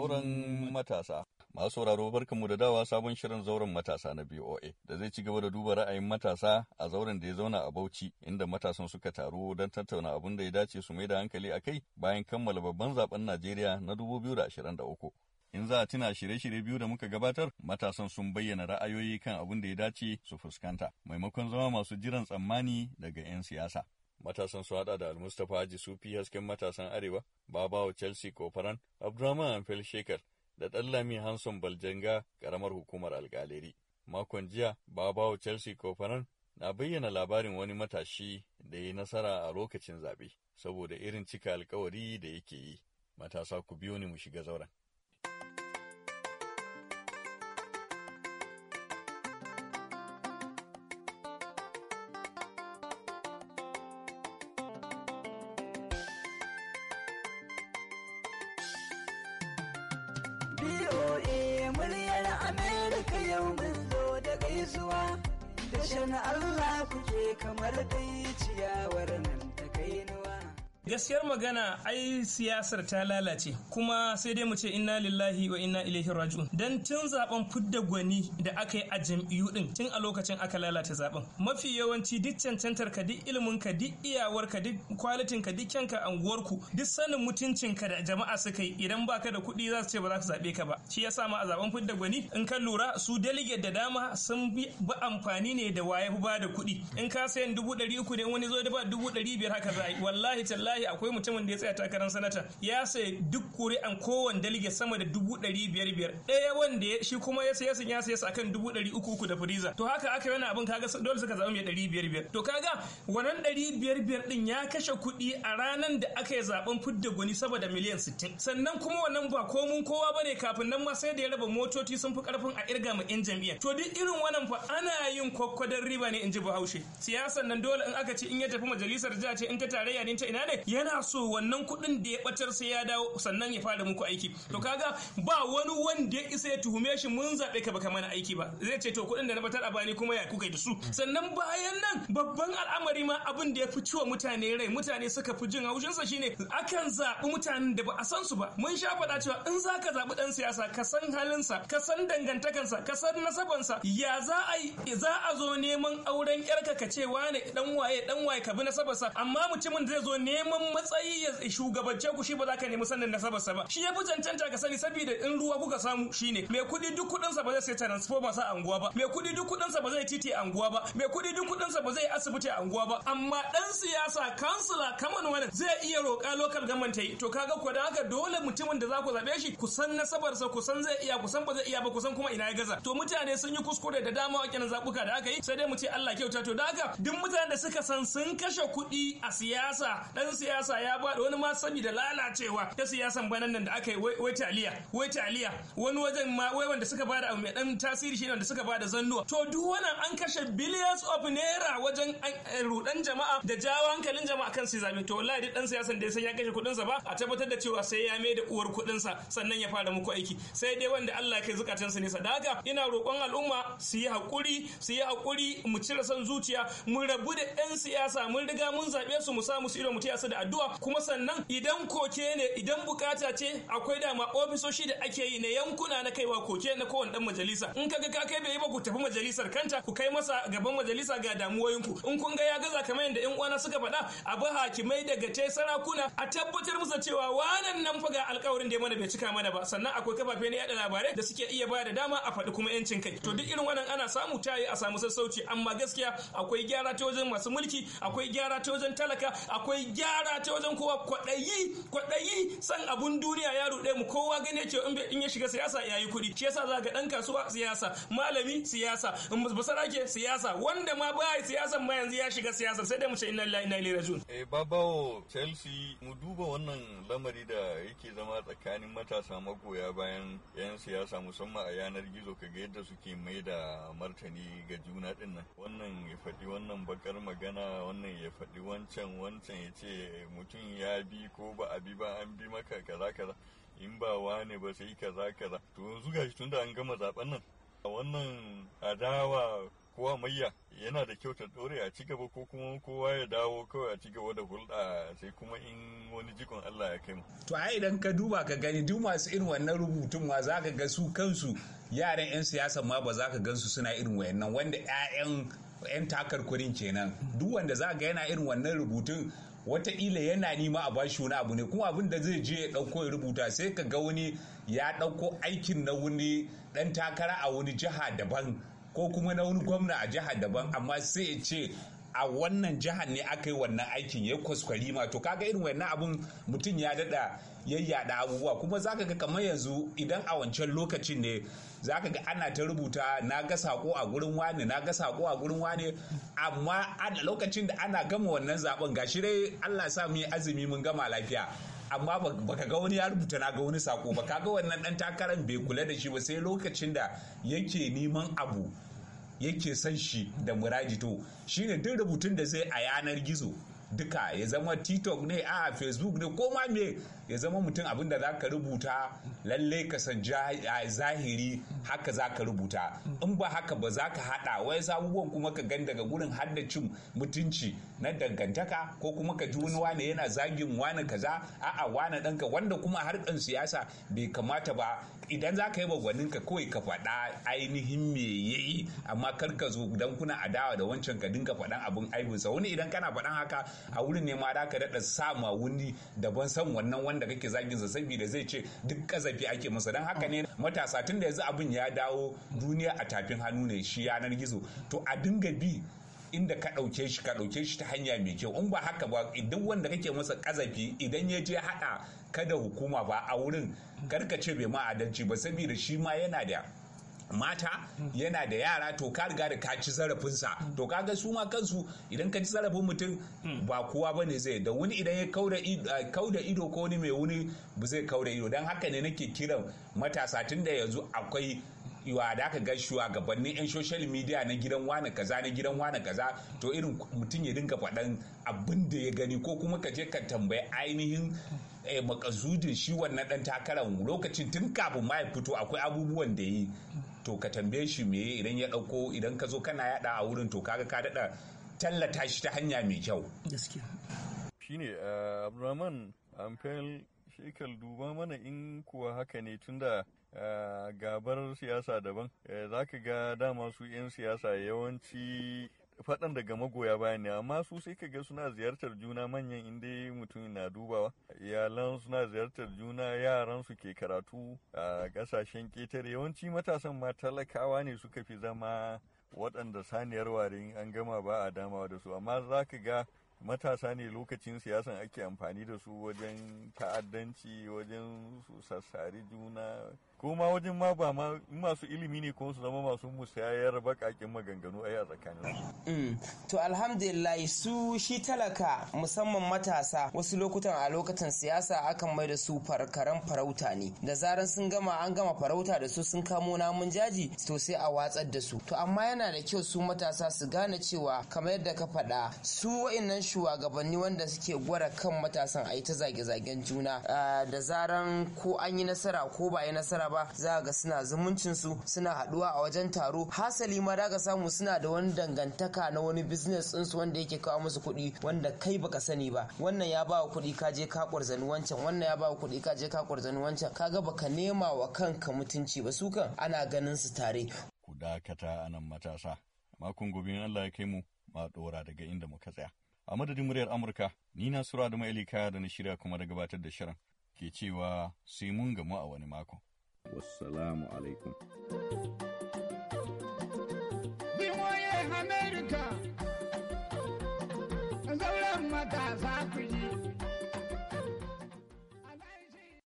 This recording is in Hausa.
zauren matasa. Masu sauraro barkanmu da dawa sabon shirin zauren matasa na BOA da zai ci gaba da duba ra'ayin matasa a zauren da ya zauna a Bauchi inda matasan suka taru don tattauna abin da ya dace su mai da hankali a kai bayan kammala babban zaben Najeriya na 2023. In za a tuna shirye-shirye biyu da muka gabatar, matasan sun bayyana ra'ayoyi kan abin da ya dace su fuskanta, maimakon zama masu jiran tsammani daga 'yan siyasa. Matasan su haɗa da Almustapha Haji Sufi hasken matasan Arewa, Babawo Chelsea Kofaran, Abdurrahman Amfel Shekar da dallami Hanson Baljanga karamar hukumar alƙaleri. Makon jiya, Babawo Chelsea Kofaran na bayyana labarin wani matashi da ya nasara a lokacin zaɓe saboda irin cika alkawari da yake yi. Matasa ku biyo ni mu shiga zauren. na Allah kuke kamar dai ciyawar gaskiyar magana ai siyasar ta lalace kuma sai dai mu ce inna lillahi wa inna ilaihi raji'un dan tun zaben fudda gwani da aka yi a jam'iyyu din tun a lokacin aka lalata zaben mafi yawanci duk cancantar ka duk ilimin ka duk iyawar ka duk kwalitin ka duk kyanka anguwar ku duk sanin mutuncin ka da jama'a suka yi idan baka da kuɗi za su ce ba za su zabe ka ba shi yasa ma a zaben fudda gwani in ka lura su delegate da dama sun bi amfani ne da waye ba da kuɗi in ka sayan dubu ɗari uku ne wani zo da ba dubu ɗari biyar haka za a yi wallahi tallahi wallahi akwai mutumin da ya tsaya takarar sanata ya sai duk kuri'an kowane dalige sama da dubu ɗari biyar biyar ɗaya wanda shi kuma ya saya ya akan dubu ɗari uku uku da firiza to haka aka yi wani abin kaga dole suka zaɓi mai ɗari biyar biyar to kaga wannan ɗari biyar biyar ɗin ya kashe kuɗi a ranar da aka yi zaɓen fidda gwani saboda miliyan sittin sannan kuma wannan ba komun kowa ba ne kafin nan ma sai da ya raba motoci sun fi ƙarfin a irga ma 'yan jam'iyyar to duk irin wannan fa ana yin kwakwadon riba ne in ji bahaushe siyasan nan dole in aka ce in ya tafi majalisar jiha ce in ta tarayya ne ta ina ne yana so wannan kuɗin da ya ɓatar sai ya dawo sannan ya fara muku aiki to kaga ba wani wanda ya isa ya tuhume shi mun zaɓe ka baka mana aiki ba zai ce to kuɗin da na batar a bani kuma ya kuka da su sannan bayan nan babban al'amari ma abin da ya fi ciwa mutane rai mutane suka fi jin haushinsa shine akan zaɓi mutanen da ba a san su ba mun sha faɗa cewa in za ka zaɓi ɗan siyasa ka san halinsa ka san dangantakansa ka san nasabansa ya za a za a zo neman auren yarka ka ce wane dan waye dan waye ka bi nasabarsa amma mutumin da zai zo neman neman matsayi ya shugabance ku shi ba za ka nemi sanin nasabarsa ba shi ya fi cancanta ka sani saboda in ruwa kuka samu shine mai kuɗi duk kuɗinsa ba zai sai transformer sa anguwa ba mai kuɗi duk kuɗinsa ba zai titi anguwa ba mai kuɗi duk kuɗinsa ba zai asibiti anguwa ba amma dan siyasa kansila kaman wani zai iya roƙa lokal gaman ta yi to kaga ku da haka dole mutumin da za ku zaɓe shi ku san nasabarsa ku san zai iya ku san ba zai iya ba ku san kuma ina ya gaza to mutane sun yi kuskure da dama wakilan zabuka da aka yi sai dai mu ce Allah kyauta to da haka duk mutanen da suka san sun kashe kuɗi a siyasa dan siyasa ya ba wani ma sami da lalacewa ta siyasan banan nan da aka yi wai taliya wai taliya wani wajen ma wai wanda suka bada abu mai dan tasiri shine wanda suka bada zannuwa to duk wannan an kashe billions of naira wajen rudan eh, jama'a da jawo hankalin jama'a kan su to wallahi dan siyasan da ya san ya kashe kudin sa ba a tabbatar da cewa sai ya mai da uwar kudin sa sannan ya fara muku aiki sai dai wanda Allah ya kai zukatansa ne sadaka ina roƙon al'umma su yi hakuri su yi hakuri mu cire son zuciya mu rabu da yan siyasa mun riga mun zabe su mu samu su ido mu da addu'a kuma sannan idan koke ne idan bukata ce akwai dama ofisoshi da ake yi na yankuna na kaiwa koke na kowane dan majalisa in kaga ka kai bai ba ku tafi majalisar kanta ku kai masa gaban majalisa ga damuwoyinku in kun ga ya gaza kamar yadda yan uwana suka faɗa a bi hakimai daga te sarakuna a tabbatar musu cewa wannan nan fa alkawarin da ya mana bai cika mana ba sannan akwai kafafe na yada labarai da suke iya bada dama a faɗi kuma yancin kai to duk irin wannan ana samu tayi a samu sassauci amma gaskiya akwai gyara ta wajen masu mulki akwai gyara ta wajen talaka akwai gyara ta wajen kowa kwaɗayi kwaɗayi san abun duniya ya ruɗe mu kowa gane ce in ya shiga siyasa yayi kuɗi shi yasa za ga ɗan kasuwa siyasa malami siyasa um, basarake siyasa wanda ma ba siyasan ma yanzu ya shiga siyasa sai dai mu ce inna lillahi inna ilaihi rajiun eh babawo chelsea mu duba wannan lamari da yake zama tsakanin matasa magoya bayan 'yan siyasa musamman a yanar gizo ka ga yadda suke mai da martani ga juna din nan wannan ya faɗi wannan bakar magana wannan ya faɗi wancan wancan ya ce mutum ya bi ko ba a bi ba an bi maka kaza kaza in ba wane ba sai kaza kaza to yanzu gashi tunda an gama zaben nan A wannan adawa ko hamayya yana da kyau ta dore a ci gaba ko kuma kowa ya dawo kawai a ci gaba da hulɗa sai kuma in wani jikon Allah ya kai mu. To ai idan ka duba ka gani duk masu irin wannan rubutun ma za ka ga su kansu yaran 'yan siyasa ma ba za ka gansu suna irin wayannan wanda 'ya'yan 'yan takarkurin kenan duk wanda za ga yana irin wannan rubutun wataƙila yana nima a bashi wani abu ne kuma abin da zai je ya ɗauko ya rubuta sai ka ga wani ya ɗauko aikin na wani ɗan takara a wani jiha daban ko kuma na wani gwamna a jiha daban amma sai ya ce a wannan jihar ne aka yi wannan aikin ya kwaskwari ma to kaga irin wannan abun mutum ya dada yayyada abubuwa kuma zaka ga kamar yanzu idan a wancan lokacin ne zaka ga ana ta rubuta na ga sako a gurin wane na ga sako a gurin wane amma a lokacin da ana gama wannan zaben gashi dai Allah sa mu yi azumi mun gama lafiya amma baka ga wani ya rubuta na ga wani sako ba ga wannan dan takarar bai kula da shi ba sai lokacin da yake neman abu yake son shi da muradi to shine duk rubutun da zai a yanar gizo duka ya zama tiktok ne a facebook ne ko ma me ya zama mutum abin da za ka rubuta lalle ka san zahiri haka za ka rubuta in ba haka ba za ka haɗa wai abubuwan kuma ka gan daga gurin haddacin mutunci na dangantaka ko kuma ka ji wani wane yana zagin wane kaza a'a wane ɗanka wanda kuma harkan siyasa bai kamata ba idan za ka yi bagwanin ka kawai ka faɗa ainihin me yayi amma kar ka zo dan kuna adawa da wancan ka dinga faɗan abin aibinsa wani idan kana faɗan haka a wurin ne ma da ka daɗa sama wani daban san wannan wanda wanda kake zagin sa saboda zai ce duk kazafi ake masa dan haka ne matasa tun da yanzu abin ya dawo duniya a tafin hannu ne shi yanar gizo to a dinga bi inda ka ɗauke shi ka ɗauke shi ta hanya mai kyau in ba haka ba duk wanda kake masa kazafi idan ya je haɗa kada hukuma ba a wurin karka ce bai ma adalci ba saboda shi ma yana da mata yana da yara to ka riga da ka ci zarafinsa to kaga su ma kansu idan ka ci zarafin mutum ba kowa ba ne zai da wani idan ya kauda ido ko wani mai wuni ba zai kauda ido don haka ne nake kiran matasa tun da yanzu akwai yiwa da aka ga shugabannin 'yan social media na gidan wane kaza na gidan wane kaza to irin mutum ya dinga faɗan abin da ya gani ko kuma ka je ka tambayi ainihin eh, makazudin shi wannan ɗan takarar lokacin tun kafin ma ya fito akwai abubuwan da yi to ka tambaye shi me idan ya dauko idan ka zo kana yaɗa a wurin to kaga ka daɗa tallata shi ta hanya mai kyau gaskiya shine eh, abdulrahman amfel shekal duba mana in kuwa haka ne tunda eh, gabar siyasa daban eh, za ka ga dama su 'yan siyasa yawanci faɗan daga magoya bayan ne amma su sai ka ga suna ziyartar juna manyan inda mutum na dubawa iyalan suna ziyartar juna yaran su ke karatu a ƙasashen ƙetare yawanci matasan ma talakawa ne suka fi zama waɗanda saniyar ware an gama ba a damawa da su amma za ka ga matasa ne lokacin siyasan ake amfani da su wajen ta'addanci wajen su sassari juna ko ma wajen ma ba masu ilimi ne kuma su zama masu musayar bakakin maganganu ai a tsakanin su. Mm. To alhamdulillah su shi talaka musamman matasa wasu lokutan a lokacin siyasa akan mai da su farkaran farauta ne da zaran sun gama an gama farauta da su sun kamo namun jaji to sai a watsar da su. To amma yana da kyau su matasa su gane cewa kamar yadda ka faɗa su wa'innan shugabanni wanda suke gwara kan matasan a yi ta zage-zagen juna ah, da zaran ko an yi nasara ko ba yi nasara ba za ga suna zumuncin su suna haduwa a wajen taro hasali ma da samu suna da wani dangantaka na wani business din su wanda yake kawo musu kuɗi wanda kai baka sani ba wannan ya ba kuɗi ka je ka kwarzani wancan wannan ya ba kuɗi ka je ka kwarzani wancan kaga baka nema wa kanka mutunci ba su kan ana ganin su tare ku dakata anan matasa makon gobe Allah ya kai mu ma dora daga inda muka tsaya a madadin muryar Amurka ni na Sura da Ma'ili Kaya da na shirya kuma da gabatar da shirin ke cewa sai mun gamu a wani mako والسلام عليكم.